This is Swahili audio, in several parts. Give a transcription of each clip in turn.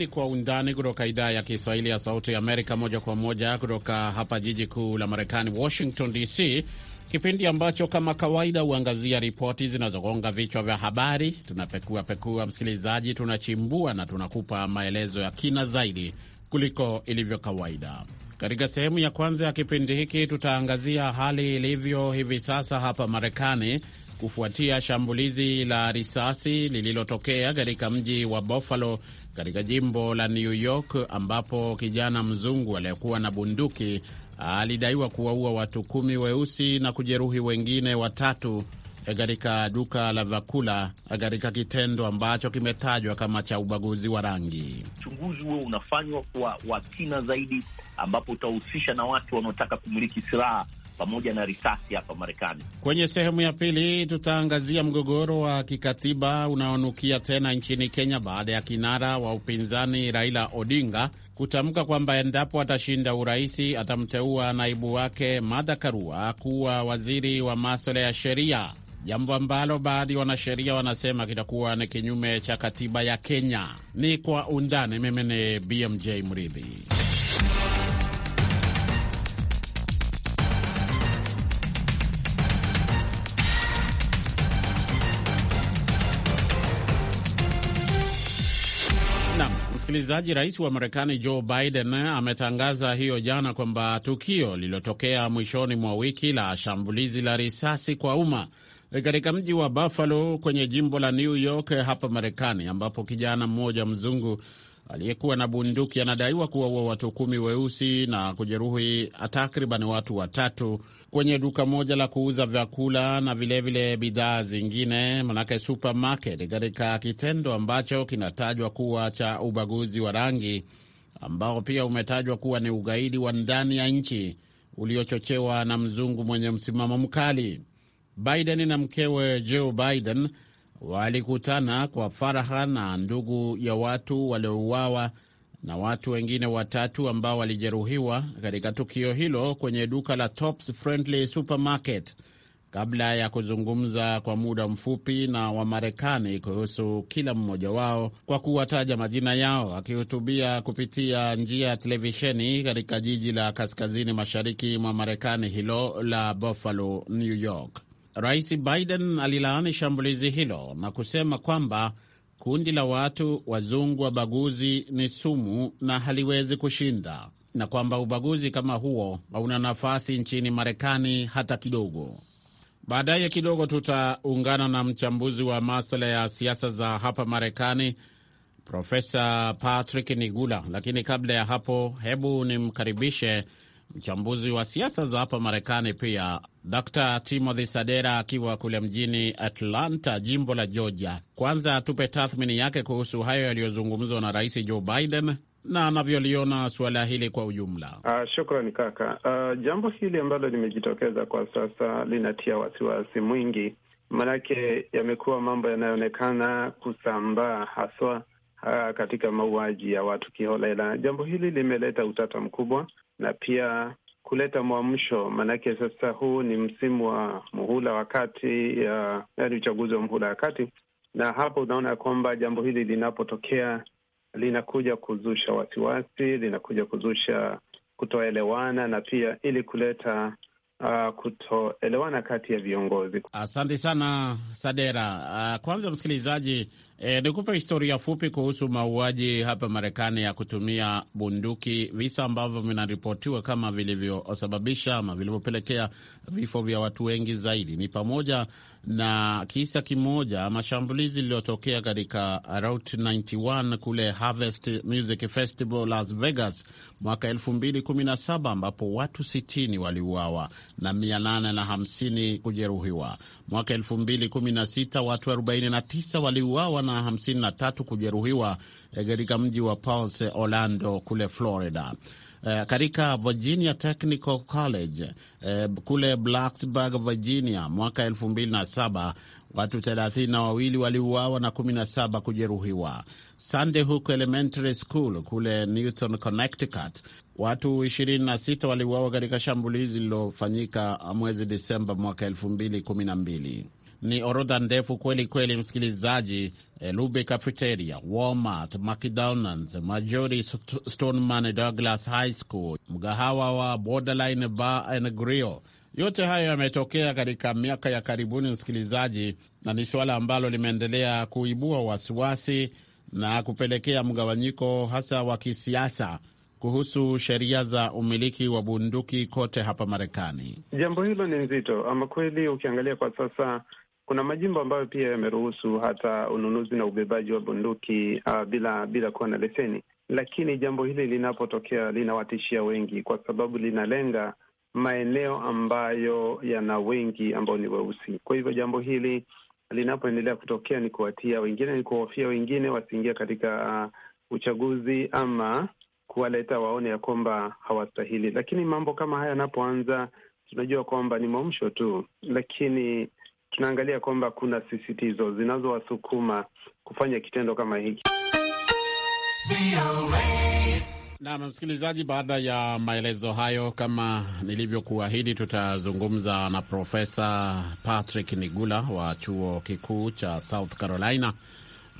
ni Kwa Undani kutoka idhaa ya Kiswahili ya Sauti ya Amerika, moja kwa moja kutoka hapa jiji kuu la Marekani, Washington DC, kipindi ambacho kama kawaida huangazia ripoti zinazogonga vichwa vya habari. Tunapekua pekua, msikilizaji, tunachimbua na tunakupa maelezo ya kina zaidi kuliko ilivyo kawaida. Katika sehemu ya kwanza ya kipindi hiki tutaangazia hali ilivyo hivi sasa hapa Marekani kufuatia shambulizi la risasi lililotokea katika mji wa Buffalo katika jimbo la New York ambapo kijana mzungu aliyekuwa na bunduki alidaiwa kuwaua watu kumi weusi na kujeruhi wengine watatu eh, katika duka la vyakula eh, katika kitendo ambacho kimetajwa kama cha ubaguzi wa rangi. Uchunguzi huo unafanywa kwa wakina zaidi, ambapo utahusisha na watu wanaotaka kumiliki silaha pamoja na risasi hapa Marekani. Kwenye sehemu ya pili tutaangazia mgogoro wa kikatiba unaonukia tena nchini Kenya baada ya kinara wa upinzani Raila Odinga kutamka kwamba endapo atashinda uraisi atamteua naibu wake Martha Karua kuwa waziri wa maswala ya sheria, jambo ambalo baadhi wanasheria wanasema kitakuwa ni kinyume cha katiba ya Kenya. Ni kwa undani. Mimi ni BMJ Mridhi. Msikilizaji, rais wa Marekani Joe Biden ametangaza hiyo jana kwamba tukio lililotokea mwishoni mwa wiki la shambulizi la risasi kwa umma katika mji wa Buffalo kwenye jimbo la New York hapa Marekani, ambapo kijana mmoja mzungu aliyekuwa na bunduki anadaiwa kuwaua watu kumi weusi na kujeruhi takriban watu watatu kwenye duka moja la kuuza vyakula na vilevile bidhaa zingine, manake supermarket, katika kitendo ambacho kinatajwa kuwa cha ubaguzi wa rangi ambao pia umetajwa kuwa ni ugaidi wa ndani ya nchi uliochochewa na mzungu mwenye msimamo mkali. Biden na mkewe Joe Biden walikutana kwa faraha na ndugu ya watu waliouawa na watu wengine watatu ambao walijeruhiwa katika tukio hilo kwenye duka la Tops Friendly Supermarket kabla ya kuzungumza kwa muda mfupi na Wamarekani kuhusu kila mmoja wao kwa kuwataja majina yao. Akihutubia kupitia njia ya televisheni katika jiji la kaskazini mashariki mwa Marekani hilo la Buffalo, New York, Rais Biden alilaani shambulizi hilo na kusema kwamba Kundi la watu wazungu wabaguzi ni sumu na haliwezi kushinda, na kwamba ubaguzi kama huo hauna nafasi nchini Marekani hata kidogo. Baadaye kidogo tutaungana na mchambuzi wa masuala ya siasa za hapa Marekani, Profesa Patrick Nigula, lakini kabla ya hapo, hebu nimkaribishe mchambuzi wa siasa za hapa Marekani pia Dr Timothy Sadera akiwa kule mjini Atlanta, jimbo la Georgia. Kwanza atupe tathmini yake kuhusu hayo yaliyozungumzwa na Rais Joe Biden na anavyoliona suala hili kwa ujumla. Uh, shukrani kaka. Uh, jambo hili ambalo limejitokeza kwa sasa linatia wasiwasi mwingi, manake yamekuwa mambo yanayoonekana kusambaa haswa, uh, katika mauaji ya watu kiholela. Jambo hili limeleta utata mkubwa na pia kuleta mwamsho, maanake sasa huu ni msimu wa muhula wa kati ya yaani, uchaguzi wa muhula wa kati, na hapo unaona kwamba jambo hili linapotokea linakuja kuzusha wasiwasi, linakuja kuzusha kutoelewana na pia ili kuleta uh, kutoelewana kati ya viongozi. Asante sana Sadera. Uh, kwanza msikilizaji E, nikupe historia fupi kuhusu mauaji hapa Marekani ya kutumia bunduki, visa ambavyo vinaripotiwa kama vilivyosababisha ama vilivyopelekea vifo vya watu wengi zaidi ni pamoja na kisa kimoja mashambulizi liliyotokea katika Route 91 kule Harvest Music Festival Las Vegas mwaka 2017 ambapo watu 60 waliuawa na 850 kujeruhiwa. Mwaka 2016 watu 49 waliuawa na 53 kujeruhiwa eh, katika mji wa Pulse, Orlando kule Florida. Eh, katika Virginia Technical College eh, kule Blacksburg, Virginia mwaka elfu mbili na saba watu thelathini na wawili waliuawa na kumi na saba kujeruhiwa. Sunday Hook Elementary School kule Newton, Connecticut watu 26 waliuawa katika shambulizi lililofanyika mwezi Disemba mwaka elfu mbili. Ni orodha ndefu kweli kweli, msikilizaji. Eh, Lube Cafeteria, Walmart, McDonald's, Majori, Stoneman Douglas High School, mgahawa wa Borderline Bar and Grill. Yote hayo yametokea katika miaka ya karibuni, msikilizaji, na ni suala ambalo limeendelea kuibua wasiwasi na kupelekea mgawanyiko hasa wa kisiasa kuhusu sheria za umiliki wa bunduki kote hapa Marekani. Jambo hilo ni nzito ama kweli, ukiangalia kwa sasa kuna majimbo ambayo pia yameruhusu hata ununuzi na ubebaji wa bunduki uh, bila bila kuwa na leseni, lakini jambo hili linapotokea linawatishia wengi, kwa sababu linalenga maeneo ambayo yana wengi ambao ni weusi. Kwa hivyo jambo hili linapoendelea kutokea ni kuwatia wengine, ni kuhofia wengine wasiingia katika uh, uchaguzi ama kuwaleta waone ya kwamba hawastahili. Lakini mambo kama haya yanapoanza, tunajua kwamba ni mwamsho tu, lakini tunaangalia kwamba kuna sisitizo zinazowasukuma kufanya kitendo kama hiki. Na msikilizaji, baada ya maelezo hayo, kama nilivyokuahidi, tutazungumza na Profesa Patrick Nigula wa chuo kikuu cha South Carolina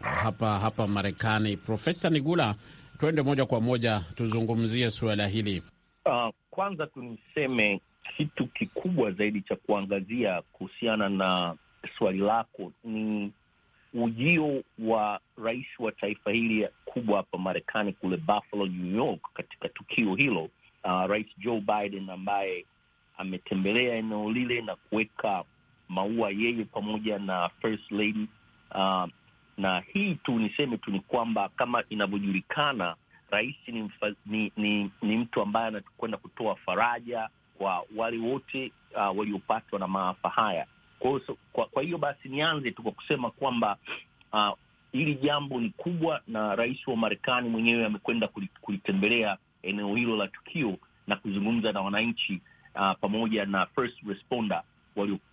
hapa hapa Marekani. Profesa Nigula, twende moja kwa moja tuzungumzie suala hili. Uh, kwanza tuniseme kitu kikubwa zaidi cha kuangazia kuhusiana na swali lako ni ujio wa rais wa taifa hili kubwa hapa Marekani, kule Buffalo, New York, katika tukio hilo uh, Rais Joe Biden ambaye ametembelea eneo lile na kuweka maua yeye pamoja na First Lady uh, na hii tu niseme tu ni kwamba kama inavyojulikana, rais ni, ni, ni, ni mtu ambaye anakwenda kutoa faraja kwa wale wote uh, waliopatwa na maafa haya. Kwa, kwa, kwa hiyo basi nianze tu kwa kusema kwamba uh, hili jambo ni kubwa, na rais wa Marekani mwenyewe amekwenda kulitembelea eneo hilo la tukio na kuzungumza na wananchi uh, pamoja na first responder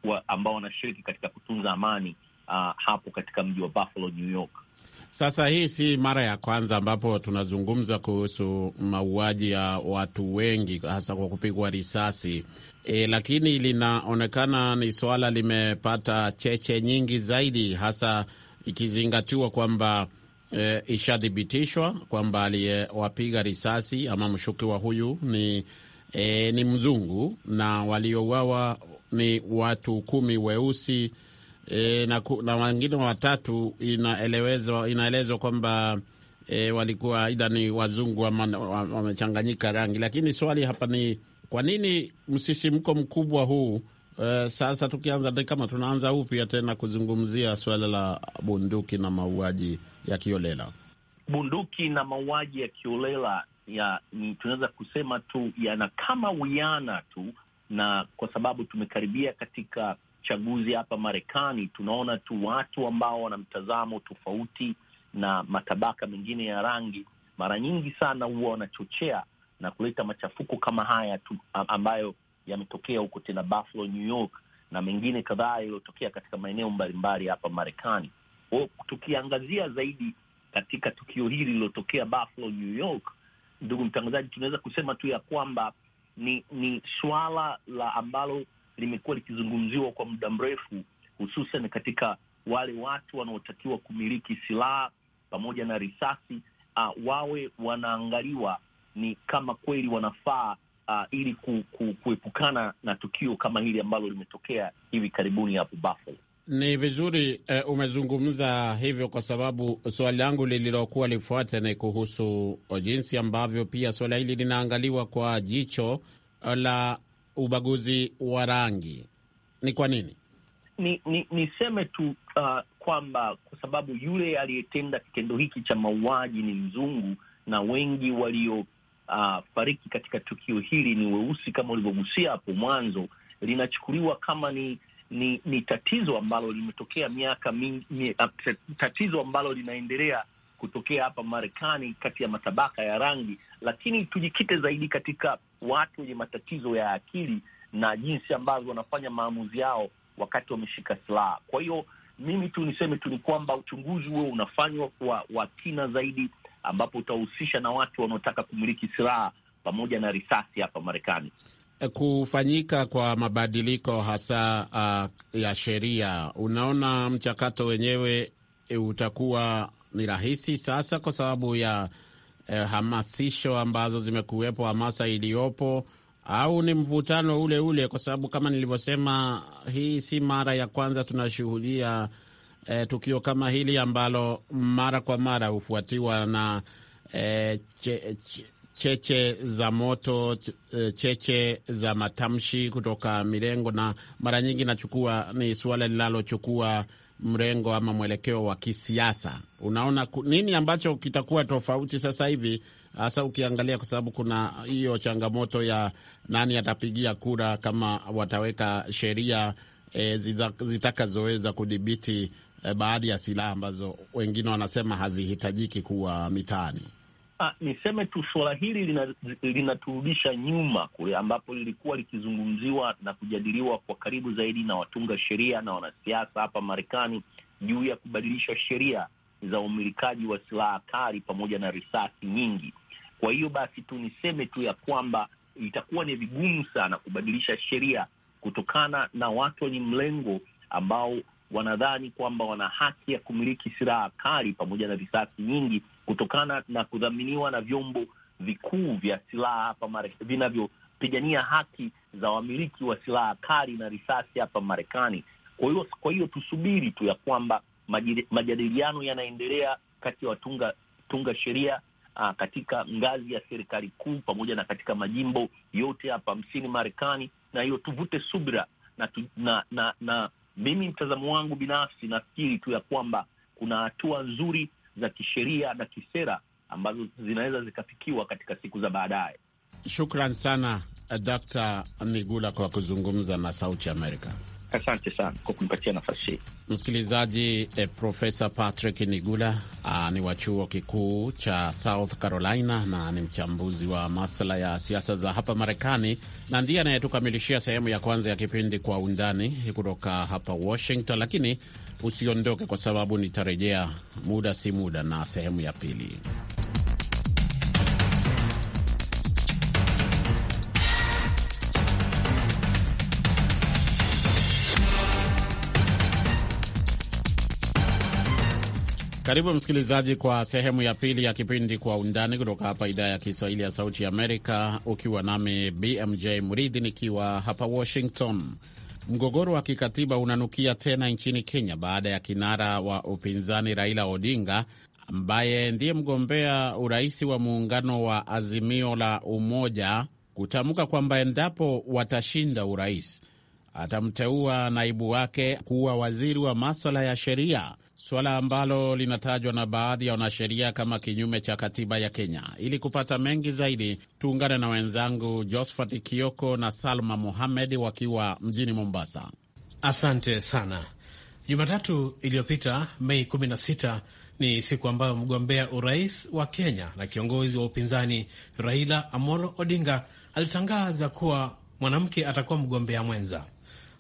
wa, ambao wanashiriki katika kutunza amani uh, hapo katika mji wa Buffalo, New York. Sasa hii si mara ya kwanza ambapo tunazungumza kuhusu mauaji ya watu wengi hasa kwa kupigwa risasi e, lakini linaonekana ni suala limepata cheche nyingi zaidi hasa ikizingatiwa kwamba e, ishathibitishwa kwamba aliyewapiga risasi ama mshukiwa huyu ni e, ni mzungu na waliouawa ni watu kumi weusi e, na, na wengine watatu inaelezwa inaelezwa kwamba e, walikuwa aidha ni wazungu wamechanganyika rangi. Lakini swali hapa ni kwa nini msisimko mkubwa huu? Uh, sasa tukianza kama tunaanza upya tena kuzungumzia suala la bunduki na mauaji ya kiolela, bunduki na mauaji ya kiolela ya ni tunaweza kusema tu yana kama wiana tu, na kwa sababu tumekaribia katika chaguzi hapa Marekani, tunaona tu watu ambao wana mtazamo tofauti na matabaka mengine ya rangi, mara nyingi sana huwa wanachochea na kuleta machafuko kama haya tu ambayo yametokea huko tena Buffalo, New York na mengine kadhaa yaliyotokea katika maeneo mbalimbali hapa Marekani. Tukiangazia zaidi katika tukio hili lililotokea Buffalo, New York, ndugu mtangazaji, tunaweza kusema tu ya kwamba ni ni suala la ambalo limekuwa likizungumziwa kwa muda mrefu, hususan katika wale watu wanaotakiwa kumiliki silaha pamoja na risasi uh, wawe wanaangaliwa ni kama kweli wanafaa uh, ili ku, ku, kuepukana na tukio kama hili ambalo limetokea hivi karibuni hapo Buffalo. Ni vizuri eh, umezungumza hivyo kwa sababu swali langu lililokuwa lifuate ni kuhusu jinsi ambavyo pia swala hili linaangaliwa kwa jicho eh, la ubaguzi wa rangi. Ni kwa nini? Ni, ni niseme tu uh, kwamba kwa sababu yule aliyetenda kitendo hiki cha mauaji ni mzungu na wengi waliofariki uh, katika tukio hili ni weusi, kama ulivyogusia hapo mwanzo, linachukuliwa kama ni ni, ni tatizo ambalo limetokea miaka mingi, uh, tatizo ambalo linaendelea kutokea hapa Marekani kati ya matabaka ya rangi, lakini tujikite zaidi katika watu wenye matatizo ya akili na jinsi ambavyo wanafanya maamuzi yao wakati wameshika silaha. Kwa hiyo mimi tu niseme tu ni kwamba uchunguzi huo unafanywa kwa wa kina zaidi, ambapo utahusisha na watu wanaotaka kumiliki silaha pamoja na risasi hapa Marekani. Kufanyika kwa mabadiliko hasa uh, ya sheria, unaona mchakato wenyewe eh, utakuwa ni rahisi sasa kwa sababu ya eh, hamasisho ambazo zimekuwepo, hamasa iliyopo, au ni mvutano ule ule? Kwa sababu kama nilivyosema, hii si mara ya kwanza tunashuhudia eh, tukio kama hili ambalo mara kwa mara hufuatiwa na eh, che, che, cheche za moto, eh, cheche za matamshi kutoka mirengo, na mara nyingi nachukua ni suala linalochukua mrengo ama mwelekeo wa kisiasa. Unaona nini ambacho kitakuwa tofauti sasa hivi, hasa ukiangalia, kwa sababu kuna hiyo changamoto ya nani atapigia kura kama wataweka sheria e, zitakazoweza kudhibiti e, baadhi ya silaha ambazo wengine wanasema hazihitajiki kuwa mitaani. Ah, niseme tu suala hili linaturudisha lina nyuma kule ambapo lilikuwa likizungumziwa na kujadiliwa kwa karibu zaidi na watunga sheria na wanasiasa hapa Marekani juu ya kubadilisha sheria za umilikaji wa silaha kali pamoja na risasi nyingi. Kwa hiyo basi tu niseme tu ya kwamba itakuwa ni vigumu sana kubadilisha sheria kutokana na watu wenye mlengo ambao wanadhani kwamba wana haki ya kumiliki silaha kali pamoja na risasi nyingi kutokana na kudhaminiwa na vyombo vikuu vya silaha hapa Marekani vinavyopigania haki za wamiliki wa silaha kali na risasi hapa Marekani. Kwa hiyo kwa hiyo tusubiri tu ya kwamba majadiliano yanaendelea kati ya watunga tunga sheria aa, katika ngazi ya serikali kuu pamoja na katika majimbo yote hapa msini Marekani, na hiyo tuvute subira na, tu, na, na, na mimi mtazamo wangu binafsi nafikiri tu ya kwamba kuna hatua nzuri za kisheria na kisera ambazo zinaweza zikafikiwa katika siku za baadaye. Shukran sana Dr. Migula kwa kuzungumza na Sauti Amerika. Asante sana kwa kunipatia nafasi hii. Msikilizaji eh, Profesa Patrick Nigula ah, ni wa chuo kikuu cha South Carolina na ni mchambuzi wa masuala ya siasa za hapa Marekani, na ndiye anayetukamilishia sehemu ya kwanza ya kipindi Kwa Undani kutoka hapa Washington. Lakini usiondoke, kwa sababu nitarejea muda si muda na sehemu ya pili. Karibu msikilizaji, kwa sehemu ya pili ya kipindi Kwa Undani kutoka hapa idhaa ya Kiswahili ya Sauti ya Amerika, ukiwa nami BMJ Mridhi nikiwa hapa Washington. Mgogoro wa kikatiba unanukia tena nchini Kenya baada ya kinara wa upinzani Raila Odinga ambaye ndiye mgombea urais wa muungano wa Azimio la Umoja kutamka kwamba endapo watashinda urais atamteua naibu wake kuwa waziri wa maswala ya sheria suala ambalo linatajwa na baadhi ya wanasheria kama kinyume cha katiba ya Kenya. Ili kupata mengi zaidi, tuungane na wenzangu Josphat Kioko na Salma muhamed wakiwa mjini Mombasa. Asante sana. Jumatatu iliyopita Mei 16 ni siku ambayo mgombea urais wa Kenya na kiongozi wa upinzani Raila Amolo Odinga alitangaza kuwa mwanamke atakuwa mgombea mwenza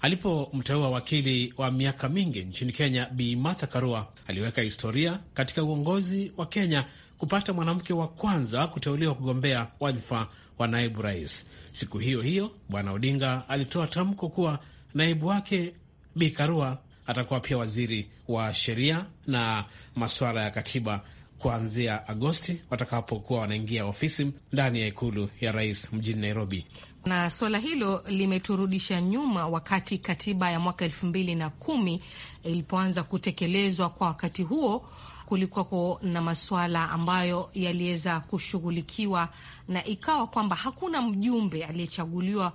alipomteua wakili wa miaka mingi nchini Kenya Bi Martha Karua. Aliweka historia katika uongozi wa Kenya kupata mwanamke wa kwanza kuteuliwa kugombea wadhifa wa naibu rais. Siku hiyo hiyo, Bwana Odinga alitoa tamko kuwa naibu wake Bi Karua atakuwa pia waziri wa sheria na masuala ya katiba kuanzia Agosti watakapokuwa wanaingia ofisi ndani ya ikulu ya rais mjini Nairobi na swala hilo limeturudisha nyuma, wakati katiba ya mwaka elfu mbili na kumi ilipoanza kutekelezwa. Kwa wakati huo kulikuwako na masuala ambayo yaliweza kushughulikiwa, na ikawa kwamba hakuna mjumbe aliyechaguliwa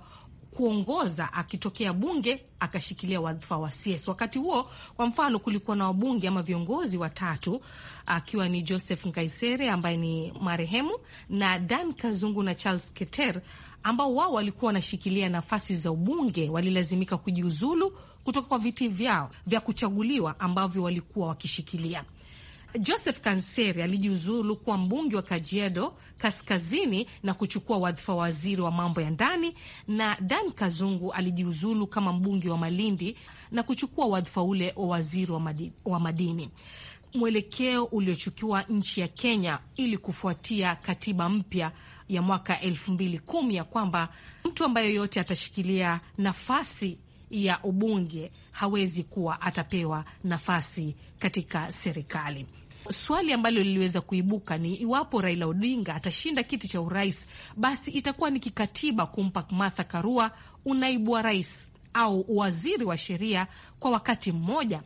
kuongoza akitokea bunge akashikilia wadhifa wa CS. Wakati huo kwa mfano, kulikuwa na wabunge ama viongozi watatu, akiwa ni Joseph Nkaisere ambaye ni marehemu na Dan Kazungu na Charles Keter ambao wao walikuwa wanashikilia nafasi za ubunge walilazimika kujiuzulu kutoka kwa viti vyao vya kuchaguliwa ambavyo walikuwa wakishikilia. Joseph Kanseri alijiuzulu kuwa mbunge wa Kajiado Kaskazini na kuchukua wadhifa wa waziri wa mambo ya ndani, na Dan Kazungu alijiuzulu kama mbunge wa Malindi na kuchukua wadhifa ule wa waziri wa madini, wa madini. Mwelekeo uliochukiwa nchi ya Kenya ili kufuatia katiba mpya ya mwaka elfu mbili kumi ya kwamba mtu ambaye yoyote atashikilia nafasi ya ubunge hawezi kuwa atapewa nafasi katika serikali. Swali ambalo liliweza kuibuka ni iwapo Raila Odinga atashinda kiti cha urais, basi itakuwa ni kikatiba kumpa Martha Karua unaibu wa rais au waziri wa sheria kwa wakati mmoja.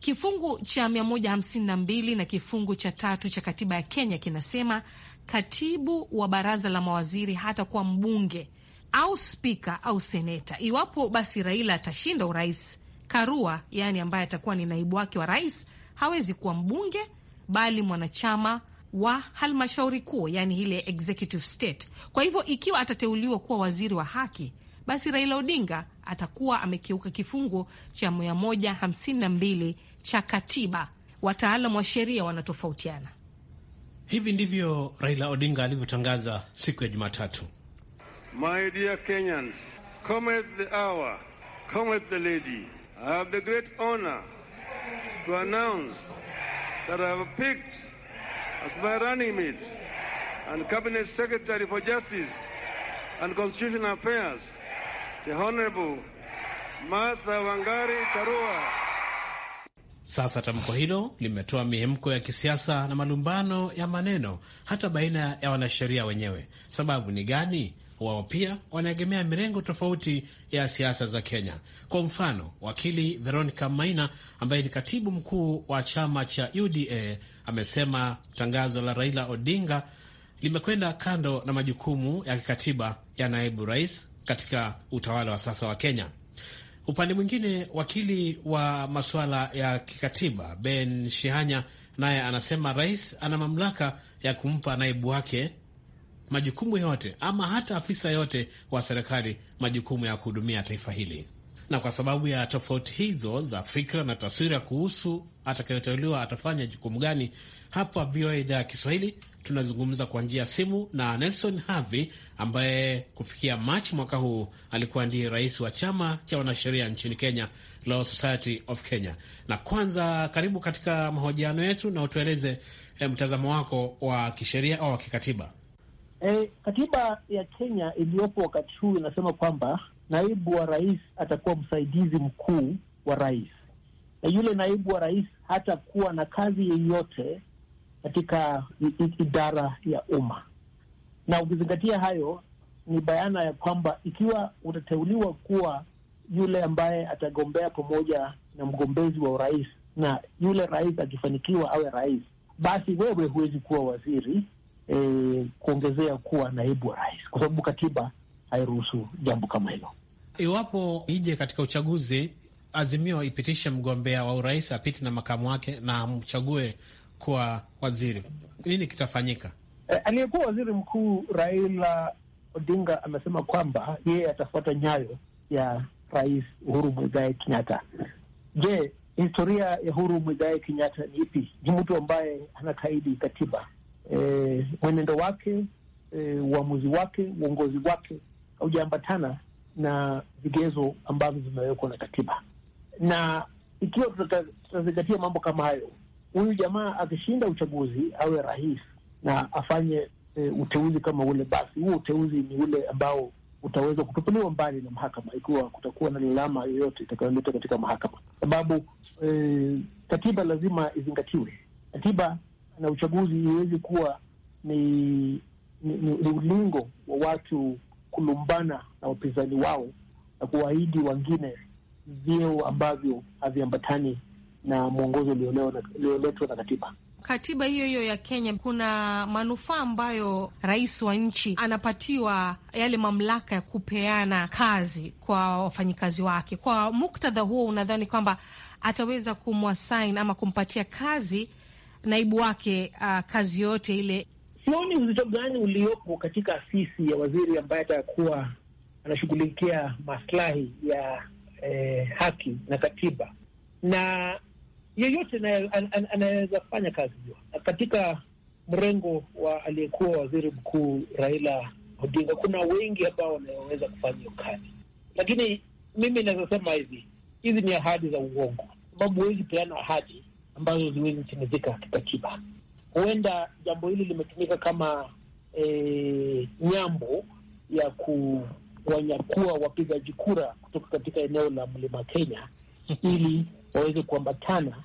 Kifungu cha 152 na kifungu cha tatu cha katiba ya Kenya kinasema katibu wa baraza la mawaziri hata kuwa mbunge au spika au seneta. Iwapo basi Raila atashinda urais, Karua yani ambaye atakuwa ni naibu wake wa rais hawezi kuwa mbunge, bali mwanachama wa halmashauri kuu, yani ile executive state. Kwa hivyo ikiwa atateuliwa kuwa waziri wa haki, basi Raila Odinga atakuwa amekiuka kifungu cha 152 cha katiba. wataalam wa sheria wanatofautiana. Hivi ndivyo Raila Odinga alivyotangaza siku ya Jumatatu. My dear Kenyans, come at the hour, come at the lady. I have the great honor to announce that I have picked as my running mate and cabinet secretary for justice and constitutional affairs, the Honorable Martha Wangari Karua. Sasa tamko hilo limetoa mihemko ya kisiasa na malumbano ya maneno hata baina ya wanasheria wenyewe. Sababu ni gani? Wao pia wanaegemea mirengo tofauti ya siasa za Kenya. Kwa mfano, wakili Veronica Maina ambaye ni katibu mkuu wa chama cha UDA amesema tangazo la Raila Odinga limekwenda kando na majukumu ya kikatiba ya naibu rais katika utawala wa sasa wa Kenya. Upande mwingine, wakili wa masuala ya kikatiba Ben Shihanya naye anasema rais ana mamlaka ya kumpa naibu wake majukumu yote ama hata afisa yote wa serikali majukumu ya kuhudumia taifa hili, na kwa sababu ya tofauti hizo za fikra na taswira kuhusu atakayoteuliwa atafanya jukumu gani, hapa VOA idhaa ya Kiswahili tunazungumza kwa njia ya simu na Nelson Havi ambaye kufikia Machi mwaka huu alikuwa ndiye rais wa chama cha wanasheria nchini Kenya, Law Society of Kenya. Na kwanza, karibu katika mahojiano yetu na utueleze eh, mtazamo wako wa kisheria au wa kikatiba. E, katiba ya Kenya iliyopo wakati huu inasema kwamba naibu wa rais atakuwa msaidizi mkuu wa rais, na yule naibu wa rais hatakuwa na kazi yeyote katika idara ya umma. Na ukizingatia hayo, ni bayana ya kwamba ikiwa utateuliwa kuwa yule ambaye atagombea pamoja na mgombezi wa urais na yule rais akifanikiwa awe rais, basi wewe huwezi kuwa waziri e, kuongezea kuwa naibu wa rais, kwa sababu katiba hairuhusu jambo kama hilo. Iwapo ije katika uchaguzi Azimio ipitishe mgombea wa urais apiti na makamu wake na amchague kwa waziri, nini kitafanyika? Eh, aliyekuwa waziri mkuu Raila Odinga amesema kwamba yeye atafuata nyayo ya Rais Uhuru Muigai Kenyatta. Je, historia ya Uhuru Muigai Kenyatta ni ipi? Ni mtu ambaye anakaidi katiba. E, mwenendo wake e, uamuzi wake, uongozi wake haujaambatana na vigezo ambavyo vimewekwa na katiba, na ikiwa tutazingatia mambo kama hayo, huyu jamaa akishinda uchaguzi awe rais na afanye e, uteuzi kama ule, basi huo uteuzi ni ule ambao utaweza kutupiliwa mbali na mahakama ikiwa kutakuwa na lalama yoyote itakayoletwa katika mahakama, sababu e, katiba lazima izingatiwe. Katiba na uchaguzi iwezi kuwa ni, ni, ni, ni ulingo wa watu kulumbana na wapinzani wao na kuwaahidi wengine vyeo ambavyo haviambatani na mwongozo ulioletwa na katiba. Katiba hiyo hiyo ya Kenya, kuna manufaa ambayo rais wa nchi anapatiwa yale mamlaka ya kupeana kazi kwa wafanyikazi wake. Kwa muktadha huo, unadhani kwamba ataweza kumwasain ama kumpatia kazi naibu wake uh, kazi yote ile? Sioni uzito gani uliopo katika afisi ya waziri ambaye atakuwa anashughulikia maslahi ya eh, haki na katiba na yeyote anayeweza kufanya kazi hiyo katika mrengo wa aliyekuwa waziri mkuu Raila Odinga. Kuna wengi ambao wanaweza kufanya hiyo kazi, lakini mimi nazosema hivi, hizi ni ahadi za uongo, sababu huwezi peana ahadi ambazo ziwezi timizika kikatiba. Huenda jambo hili limetumika kama e, nyambo ya kuwanyakua wapigaji kura kutoka katika eneo la mlima Kenya ili waweze kuambatana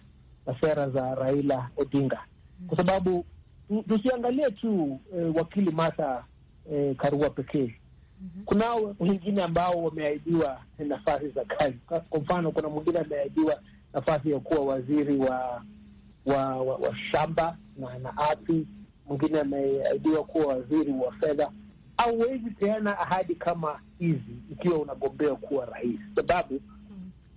na sera za Raila Odinga, kwa sababu tusiangalie tu e, wakili Martha e, Karua pekee. Kunao wengine ambao wameahidiwa nafasi za kazi. Kwa mfano, kuna mwingine ameahidiwa nafasi ya kuwa waziri wa wa, wa, wa shamba na, na ardhi. Mwingine ameahidiwa kuwa waziri wa fedha. Hauwezi peana ahadi kama hizi ikiwa unagombea kuwa rais, sababu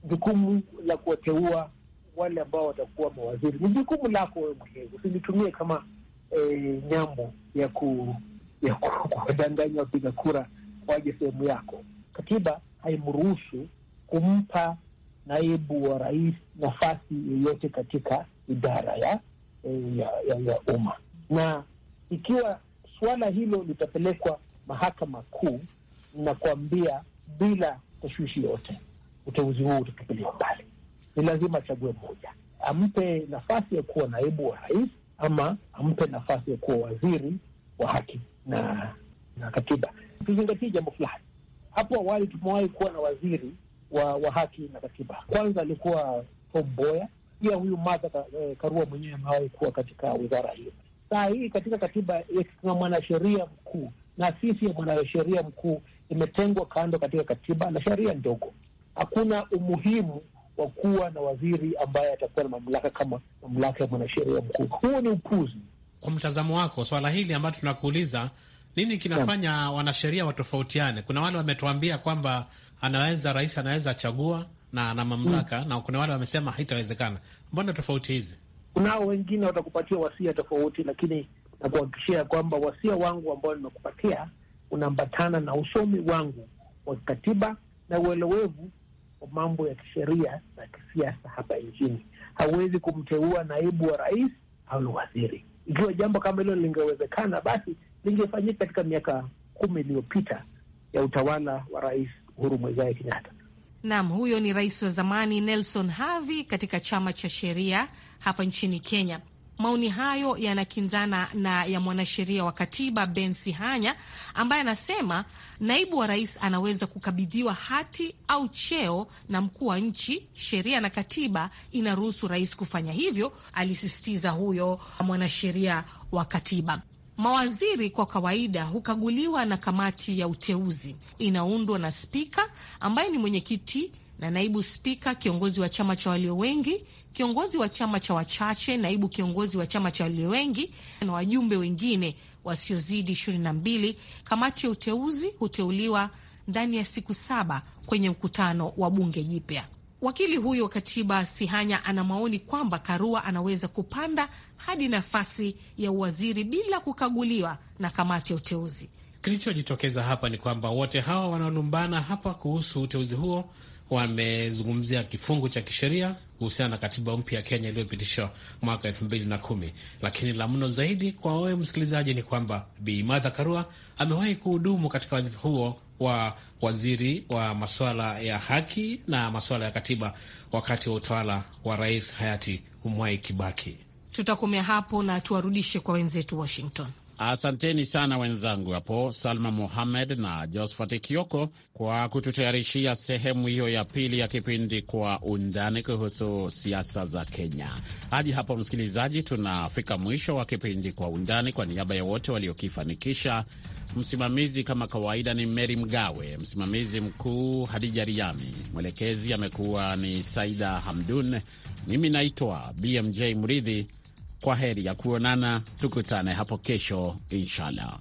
jukumu la kuwateua wale ambao watakuwa mawaziri ni jukumu lako wewe mwenyewe, usilitumie kama e, nyambo ya ku ya kuwadanganya wapiga kura waje sehemu yako. Katiba haimruhusu kumpa naibu wa rais nafasi yoyote katika idara ya eh, ya, ya, ya umma, na ikiwa suala hilo litapelekwa mahakama kuu, nakuambia bila tashwishi yote uteuzi huu utatupiliwa mbali. Ni lazima achague mmoja, ampe nafasi ya kuwa naibu wa rais ama ampe nafasi ya kuwa waziri wa haki na na katiba. Tuzingatie jambo fulani. Hapo awali tumewahi kuwa na waziri wa, wa haki na katiba. Kwanza alikuwa Tom Mboya, pia huyu Martha eh, Karua mwenyewe amewahi kuwa katika wizara hiyo. Saa hii katika katiba kuna mwanasheria mkuu na afisi ya mwanasheria mkuu imetengwa kando katika katiba na sheria ndogo hakuna umuhimu wa kuwa na waziri ambaye atakuwa na mamlaka kama mamlaka ya mwanasheria mkuu. Huo ni upuzi. Kwa mtazamo wako, swala hili ambayo tunakuuliza, nini kinafanya wanasheria watofautiane? Kuna wale wametuambia kwamba anaweza rais, anaweza chagua na ana mamlaka mm, na kuna wale wamesema haitawezekana. Mbona tofauti hizi? Kunao wengine watakupatia wasia tofauti, lakini nakuhakikishia kwamba wasia wangu ambao nimekupatia unaambatana na usomi wangu wa kikatiba na uelewevu mambo ya kisheria na kisiasa hapa nchini. Hawezi kumteua naibu wa rais au ni waziri. Ikiwa jambo kama hilo lingewezekana, basi lingefanyika katika miaka kumi iliyopita ya utawala wa Rais Uhuru Muigai Kenyatta. Naam, huyo ni rais wa zamani Nelson Havi katika chama cha sheria hapa nchini Kenya. Maoni hayo yanakinzana na ya mwanasheria wa katiba Ben Sihanya ambaye anasema naibu wa rais anaweza kukabidhiwa hati au cheo na mkuu wa nchi. Sheria na katiba inaruhusu rais kufanya hivyo, alisisitiza huyo mwanasheria wa katiba. Mawaziri kwa kawaida hukaguliwa na kamati ya uteuzi inaundwa na spika ambaye ni mwenyekiti na naibu spika, kiongozi wa chama cha walio wengi, kiongozi wa chama cha wachache, naibu kiongozi wa chama cha walio wengi na wajumbe wengine wasiozidi ishirini na mbili. Kamati ya uteuzi huteuliwa ndani ya siku saba kwenye mkutano wa bunge jipya. Wakili huyo wa katiba Sihanya ana maoni kwamba Karua anaweza kupanda hadi nafasi ya uwaziri bila kukaguliwa na kamati ya uteuzi. Kilichojitokeza hapa ni kwamba wote hawa wanaolumbana hapa kuhusu uteuzi huo wamezungumzia kifungu cha kisheria kuhusiana na katiba mpya ya Kenya iliyopitishwa mwaka elfu mbili na kumi. Lakini la mno zaidi kwa wewe msikilizaji ni kwamba Bi Martha Karua amewahi kuhudumu katika wadhifa huo wa waziri wa masuala ya haki na masuala ya katiba wakati wa utawala wa rais hayati Mwai Kibaki. Tutakomea hapo na tuwarudishe kwa wenzetu Washington. Asanteni sana wenzangu hapo Salma muhamed na Josphat Kioko kwa kututayarishia sehemu hiyo ya pili ya kipindi Kwa Undani kuhusu siasa za Kenya. Hadi hapo, msikilizaji, tunafika mwisho wa kipindi Kwa Undani. Kwa niaba ya wote waliokifanikisha, msimamizi kama kawaida ni Meri Mgawe, msimamizi mkuu Hadija Riami, mwelekezi amekuwa ni Saida Hamdun, mimi naitwa BMJ Mridhi. Kwa heri ya kuonana, tukutane hapo kesho inshallah.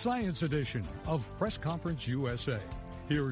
Science Edition of Press Conference USA. Here's